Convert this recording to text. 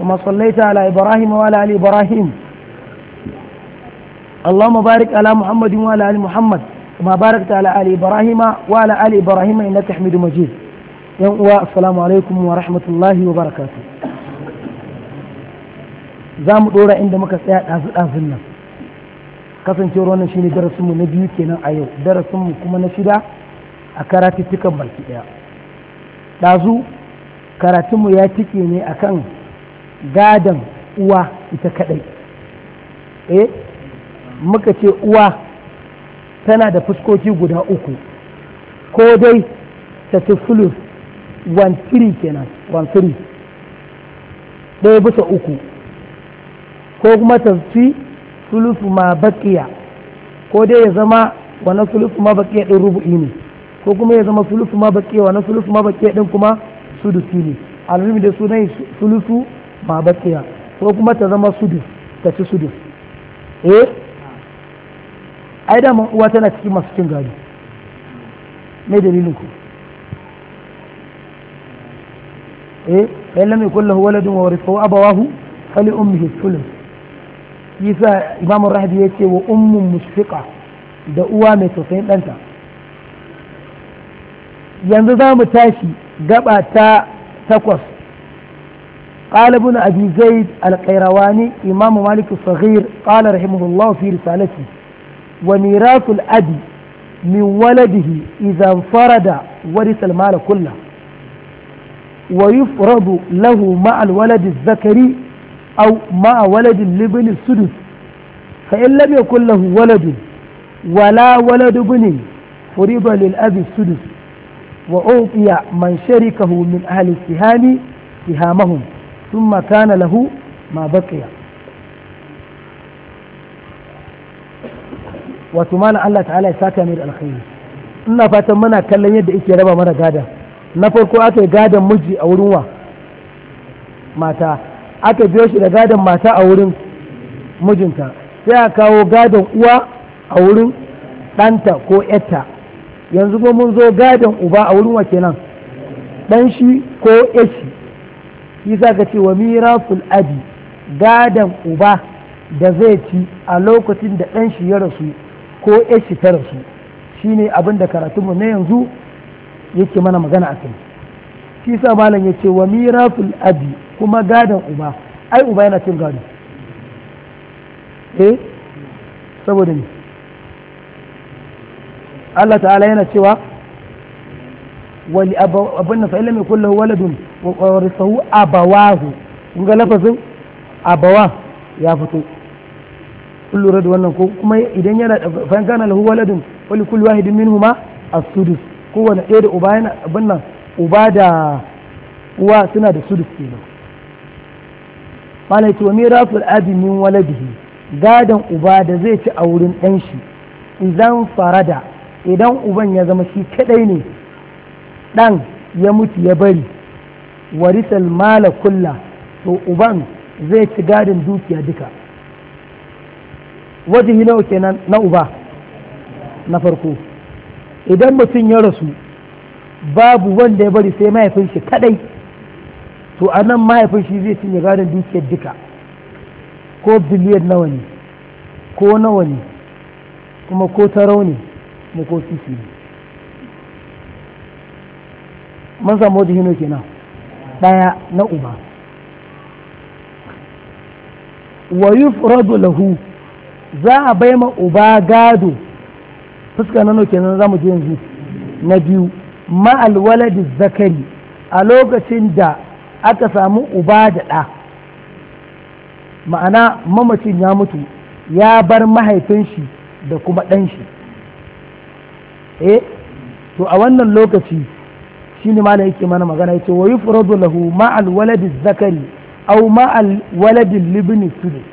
كما صليت على إبراهيم وعلى آل إبراهيم اللهم بارك على محمد وعلى آل محمد كما باركت على آل إبراهيم وعلى آل إبراهيم إنك حميد مجيد السلام عليكم ورحمة الله وبركاته za mu ɗora inda muka tsaya ɗazu-ɗazun nan kasancewar wannan shi darasinmu na biyu kenan a yau darasinmu kuma na shida a karatuttukan baki ɗaya ɗazu karatunmu ya tike ne akan gadon uwa ita kadai eh muka ce uwa tana da fuskoki guda uku ko dai ta tufulus 1-3 kenan 1-3 ɗaya bisa uku ko kuma ta fi sulufu ma bakiya ko dai ya zama wannan sulufu ma bakiya ɗin rubu'i ne ko kuma ya zama sulufu ma bakiya wannan sulufu ma bakiya ɗin kuma sudusi ne alhamdulillah sunan sulufu ba bakiya ko kuma ta zama sudu ta ci sudu eh ai da uwa tana cikin masu cin gado me dalilin ku eh kai lamai kullu huwa ladun wa warithahu abawahu fali ummihi sulm yasa imamu rahbi yace wa ummun musfiqa da uwa mai tausayin danta yanzu za mu tashi gaba ta takwas قال ابن أبي زيد القيرواني إمام مالك الصغير قال رحمه الله في رسالته وميراث الأب من ولده إذا انفرد ورث المال كله ويفرض له مع الولد الذكري أو مع ولد لابن السدس فإن لم يكن له ولد ولا ولد ابن فرض للأب السدس وأعطي من شركه من أهل السهام سهامهم Tun كان له ما بقي wato malam Allah ta'ala ya saka mai da alkhairi ina fatan muna kallon yadda ake raba mana gada na farko aka yi gadon miji a wurin wa mata aka biyo shi da gadon mata a wurin mijinta sai a kawo gadon uwa a wurin ɗanta ko yatta yanzu ko mun zo gadon uba a wurin wa kenan ɗan shi ko yashi shi za ka ce wa mirasul abi gadan uba da zai ci a lokacin da ɗan shi ya rasu ko shi ta rasu shine abin da karatunmu na yanzu yake mana magana a kai shi sa malam ya ce wa mirasul abi kuma gadan uba ai uba yana cin gado eh saboda ne Allah ta'ala yana cewa wali abin fa illam yakul lahu waladun wa warithahu abawahu kun ga lafazin abawa ya fito kun da wannan ko kuma idan yana fa in kana lahu waladun wa li kulli wahidin minhuma as-sudus kowane ɗaya da uba yana abin nan uba da uwa suna da sudus kenan malai to mirasul abi min waladihi gadan uba da zai ci a wurin ɗan shi idan farada idan uban ya zama shi kadai ne ɗan ya mutu ya bari warisal mala kulla to uban zai ci gadin dukiya duka wajihi nawa kenan na uba na farko idan mutum ya rasu babu wanda ya bari sai mahaifin shi kadai to a nan mahaifin shi zai cinye gadin dukiyar duka ko biliyan nawa ne ko nawa ne kuma ko tarau ne ko sisi ne mun samu da hino kenan daya na uba wa yufradu lahu za a bai ma uba gado fuska na kenan za mu je yanzu na biyu ma'al da zakari a lokacin da aka samu uba da ɗa ma'ana mamacin ya mutu ya bar mahaifin shi da kuma ɗan shi eh to a wannan lokaci shine malam yake mana magana yace wa yufradu lahu ma'al waladi zakari aw ma'al waladi libni sudu